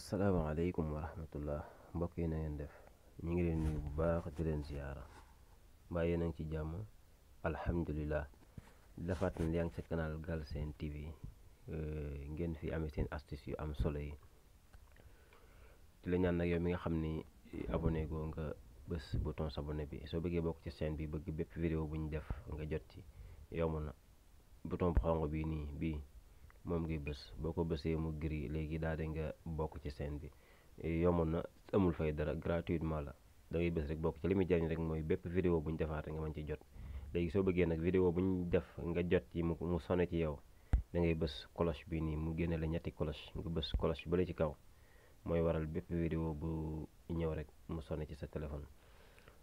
asalaamaaleykum wa rahmatullah mbokk yi na ngeen def ñu ngi leen nuyu bu baax di leen ziyaara mbaa yéen a ci jàmm alhamdulilah di defaat na yaa ngi sa canal Galsen TV ngeen fi amee seen astuce yu am solo yi di la ñaan nag yow mi nga xam ni abonné goo nga bés bouton s'abonner bi soo bëggee bokk ci seen bi bëgg bépp vidéo bu ñu def nga jot ci yomb na bouton bu xonq bi nii bii moom ngay bës boo ko bësee mu gris léegi daal di nga bokk ci seen bi yomb na amul fay dara gratuitement la da ngay bës rek bokk ci li muy jariñ rek mooy bépp vidéo bu ñu nga mën ci jot léegi soo bëggee nag vidéo bu ñu def nga jot ci mu mu ci yow da ngay bës cloche bi nii mu génne la ñetti cloche nga bës cloche ba ci kaw mooy waral bépp vidéo bu ñëw rek mu sone ci sa téléphone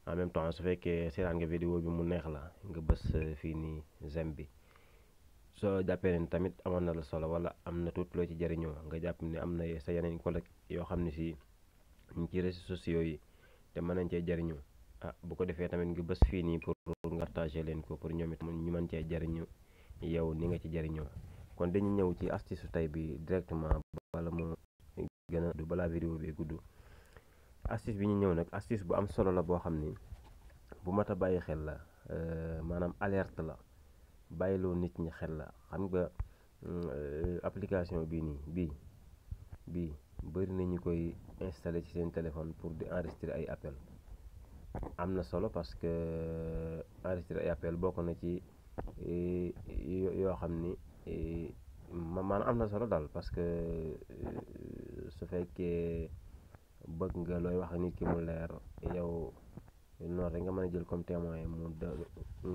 en même temps su fekkee seetaan nga vidéo bi mu neex la nga bës fii nii j'aime bi soo jàppee ne tamit amoon na la solo wala am na tuuti loo ci jëriñoo nga jàpp ni am na sa yeneen collègue yoo xam ne si ñu ci réseaux sociaux yi te mën nañ cee jëriñu ah bu ko defee tamit nga bës fii nii pour nga partager leen ko pour ñoom it ñi mën cee jëriñu yow ni nga ci jariñoo kon dañu ñëw ci astuce tey bi directement bala moo gën a du balaa vidéo bi gudd astuce bi ñu ñëw nag astuce bu am solo la boo xam ni bu mat a bàyyi xel la euh, maanaam alerte la bàyyiloo nit ñi xel la xam nga euh, application bii nii bii bii bëri na ñu koy installé ci seen téléphone pour di enregistrer ay appel am na solo parce que euh, enregistrer ay appel bokk na ci euh, yoo xam ni man am na solo daal parce que su fekkee bëgg nga looy wax nit ki mu leer yow noonu rek nga mën a jël comme yi mu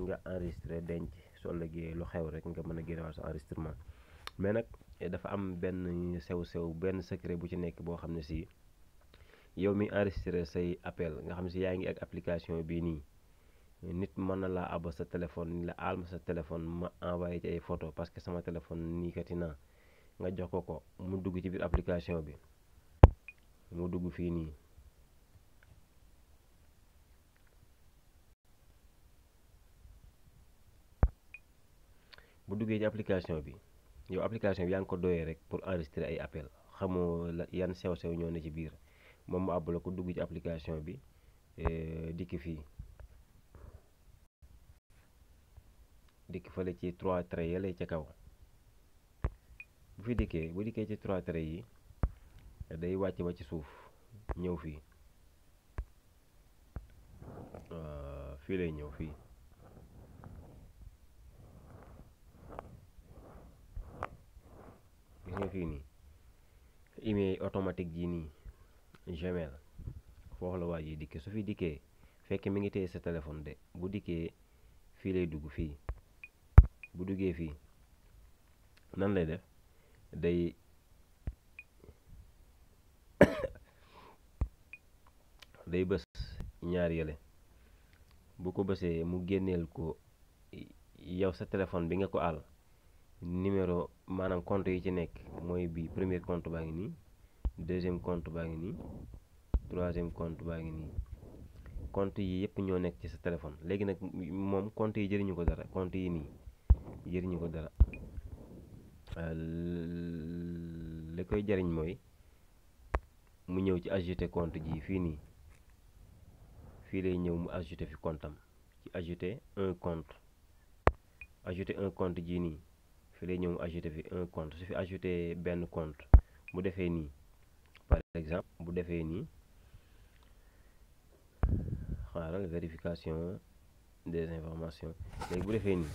nga enregistré denc su ëllëgee lu xew rek nga mën a génnewaat sa enregistrement mais nag eh, dafa am benn sew-sew benn secret bu ci nekk boo xam ne si yow mi enregistré say appel nga xam si yaa ngi ak application bii nii nit mën na laa aba sa téléphone ni la alma sa téléphone ma envoyé ci ay photo parce que sama téléphone nii kati naa nga jox ko ko mu dugg ci biir application bi mu dugg fii nii bu duggee ci application bi yow application bi yaa ngi ko doyee rek pour enregistrer ay appel xamoo yan sew-sew ñoo ne ci biir moom mu àbb la ko dugg ci application bi eh, dikk fii dikk fële ci trois traits ya lay ca kaw bu fi dikkee bu dikkee ci trois traits yi day wàcc ba ci suuf ñëw fii ah, fii lay ñëw fii ñu ngi fii nii email automatique ji nii Gmail foofu la waaj yi dikkee su fi dikkee fekk mi ngi téye sa téléphone de bu dikkee fii lay dugg fii bu duggee fii nan lay def day day bës ñaar yële bu ko bësee mu génneel ko yow sa téléphone bi nga ko àll numéro compte yi ci nekk mooy bii premier compte baa ngi nii deuxième compte baa ngi nii troisième compte baa ngi nii compte yi yëpp ñoo nekk ci sa téléphone léegi nag moom compte yi jëriñu ko dara compte yi nii jëriñu ko dara li koy jariñ mooy mu ñëw ci ajouter compte ji fii nii fii lay ñëw mu ajouter fi compte ci ajouter un compte ajouter un compte jii nii fi lay ñëw mu ajouté fi un compte su fi ajouté benn compte bu defee nii par exemple bu defee nii xaaral vérification des informations léegi bu defee nii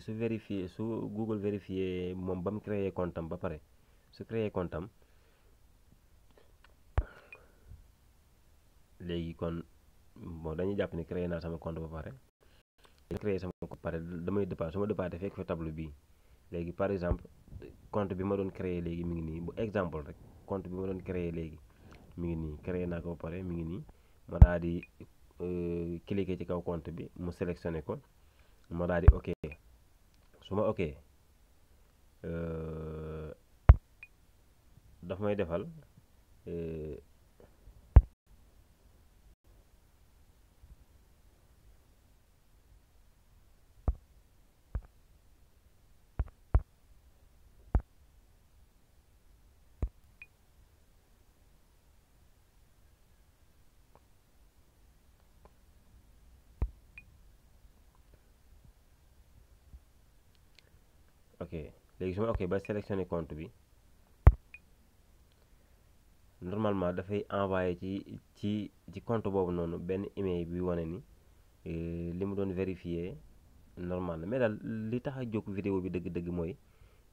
su vérifié su Google vérifié moom ba mu créé compte ba pare su créé compte am léegi kon bon dañuy jàpp ni créé naa sama compte ba pare créé sama compte pare damay départ su ma départé fekk fa tableau bii léegi par exemple compte bi ma doon créé léegi mi ngi nii bu exemple rek compte bi ma doon créé léegi mi ngi nii créé naa ko ba pare mu ngi nii ma daal di euh, cliquer ci kaw compte bi mu sélectionné ko ma daal di ok su ma ok euh, daf may defal euh, ok léegi su ma ok ba sélectionné compte bi normalement dafay envoyé ci ci ci compte boobu noonu benn email bi wane ni euh, li mu doon vérifié normal na mais daal li tax a jóg vidéo bi dëgg-dëgg mooy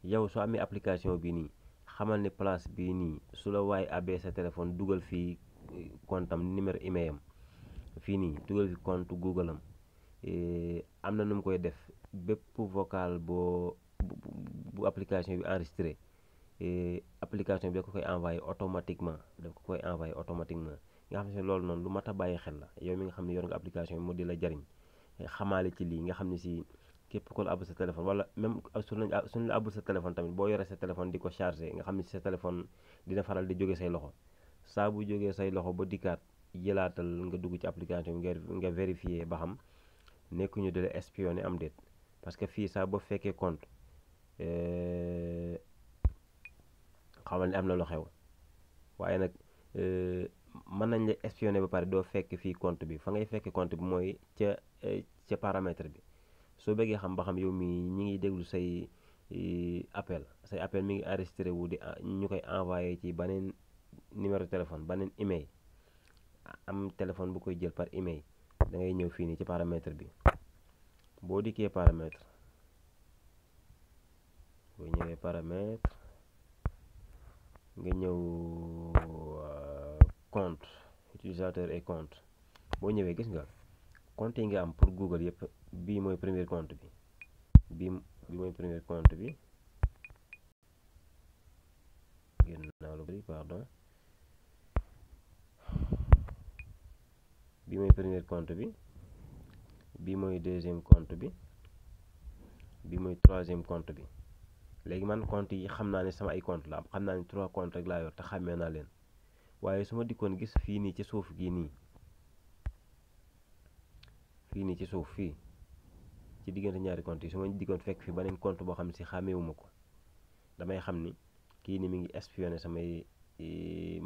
yow soo amee application bi nii xamal ne place bi nii su la waaye abee sa téléphone dugal fii kontam euh, am numéro email am fii nii dugal fi compte Google am euh, am na nu mu koy def bépp vocal boo bu application bi enregistré application bi da ko koy envoyé automatiquement da ko koy envoyé automatiquement nga xam ne loolu noonu lu mat a bàyyi xel la yow mi nga xam ne yor nga application bi mu di la jariñ eh, xamaale ci lii nga xam ne si képp ku la abul sa téléphone wala même su la su la abul sa téléphone tamit boo yoree sa téléphone di ko chargé nga xam ni si sa téléphone dina faral di jóge say loxo saa bu jógee say loxo ba dikkaat jëlaatal nga dugg ci application nga vérifier ba xam nekkuñu di la espionné am déet parce que fii saa boo fekkee xamal ne am na lu xew waaye nag mën nañ la espionner ba pare doo fekk fii compte bi fa ngay fekk compte bi mooy ca ca paramètre bi soo bëggee xam ba xam yow mi ñi ngi déglu say appel say appel mi ngi enregistré wu di ah, ñu koy envoyé ci beneen numéro téléphone beneen email am téléphone bu koy jël par email da dangay ñëw fii nii ci paramètre bi boo dikkee paramètre boo ñëwee paramètres nga ñëw euh, compte utilisateur et conte boo ñëwee gis nga compte yi nga am pour Google yëpp bii mooy premier compte bi bii bi mooy premier compte bi génn naa lu bari pardon bi mooy premier compte bi bi mooy deuxième compte bi bi mooy troisième conte bi léegi man compte yi xam naa ne sama ay compte la am xam naa ne trois compte rek laa yor te xàmmee naa leen waaye su ma dikkoon gis fii nii ci suuf gii nii fii nii ci suuf fii ci diggante ñaari compte yi su ma dikkoon fekk fi beneen compte boo xam ne si xàmmeewuma ko damay xam ni kii ni mi ngi espionné samay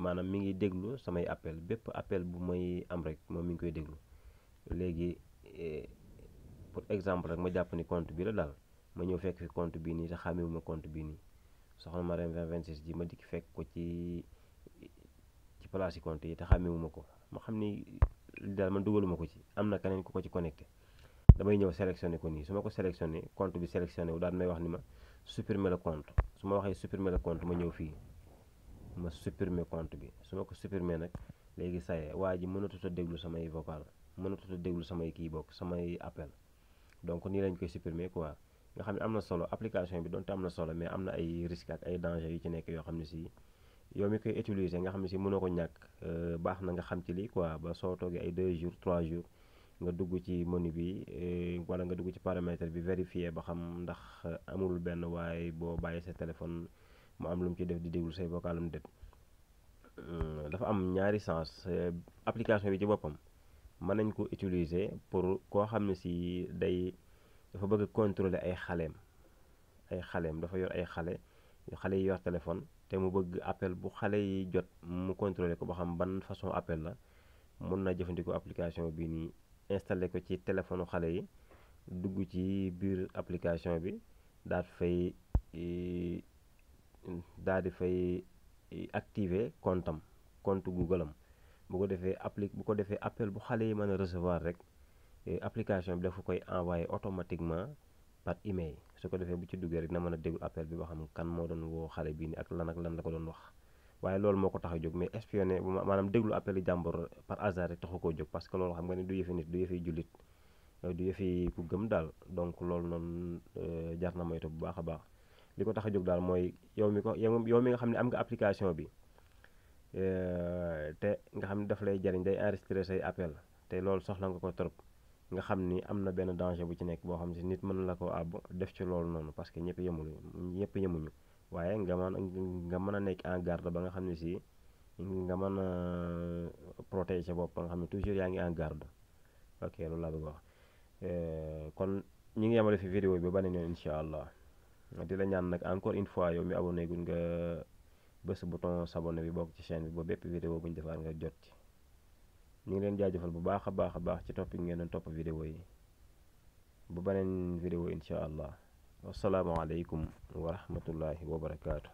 maanaam mi ngi déglu samay appel bépp appel bu may am rek moom mi ngi koy déglu léegi eh, pour exemple rek ma jàpp ni compte bi la daal ma ñëw fekk fi compte bii nii te xàmmewuma compte bii nii soxna Marème 20 26 ji ma dikk fekk ko ci ci place yi compte yi te xàmmewuma ko ma xam ni daal man dugaluma ko ci am na keneen ku ko ci connecté damay ñëw sélectionné ko nii su ma ko sélectionné compte bi sélectionné wu daal may wax ni ma supprimer le compte su ma waxee supprimer le compte ma ñëw fii ma supprimer compte bi su ma ko supprimer nag léegi saye waa ji mënatut a déglu samay vocal mënatut a déglu samay kii bokk samay appel donc nii lañ koy supprimer quoi nga xam ne am na solo application bi donte am na solo mais am na ay risques ak ay dangers yu ci nekk yoo xam ne si yow mi koy utiliser nga xam ne si mënoo ko ñàkk euh, baax na nga xam ci lii quoi ba soo toogee ay 2 jours 3 jours nga dugg ci menu bi euh, wala nga dugg ci paramètre bi vérifier ba xam ndax amul benn waaye boo bàyyi sa téléphone mu am lu ci def di déglu say vocalam déet hmm, am ñaari sens euh, application bi ci boppam mën nañ ko utiliser pour koo xam ne si day. dafa bëgg contrôler ay xaleem ay xaleem dafa yor ay xale xale yi yor téléphone te mu bëgg appel bu xale yi jot mu contrôler ko ba xam ban façon appel la mun naa jëfandikoo application bi nii installé ko ci téléphone xale yi dugg ci biir application bi daal fay e, daal di fay e, activer compte am compte Google am bu ko defee appli bu ko defee appel bu xale yi mën a recevoir rek application bi dafa koy envoyé automatiquement par email su ko defee bu ci duggee rek na mën a déglu appel bi ba xam kan moo doon woo xale bii ni ak lan ak lan la ko doon wax waaye loolu moo ko tax a jóg mais espionné maanaam déglu appel yi jàmbur par hasard rek taxu koo jóg parce que loolu xam nga ne du yëfi nit euh, du yëfi ku gëm daal donc loolu noonu euh, jar na moytu bu baax a baax li ko tax a jóg daal mooy yow mi ko yow mi nga xam ne am nga application bi euh, te nga xam ne daf lay jariñ day enregistré say appel te loolu soxla nga ko trop nga xam ni am na benn danger bu ci nekk boo xam si nit mën la ko àbb def ci loolu noonu parce que ñëpp yemul ñëpp yemuñu waaye nga mën nga mën a nekk en garde ba nga xam ne si nga mën a protéger bopp ba nga xam ne toujours yaa ngi en garde ok loolu laa bëgg wax euh, kon ñi ngi yemale fi vidéo bi ba beneen yoon incha allah di la ñaan nag encore une fois yow mi abonné guñ nga bés bouton s'abonner bi bokk ci chaîne bi ba bépp vidéo bu ñu defaat nga jot ci ñu ngi leen jaajëfal bu baax a baax a baax ci topp yi ngeen doon topp vidéo yi bu beneen vidéo incha allah wasalaamualeykum wa rahmatullahi wa barakaatu.